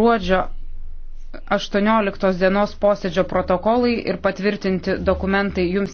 gruodžio 18 dienos posėdžio protokolai ir patvirtinti dokumentai jums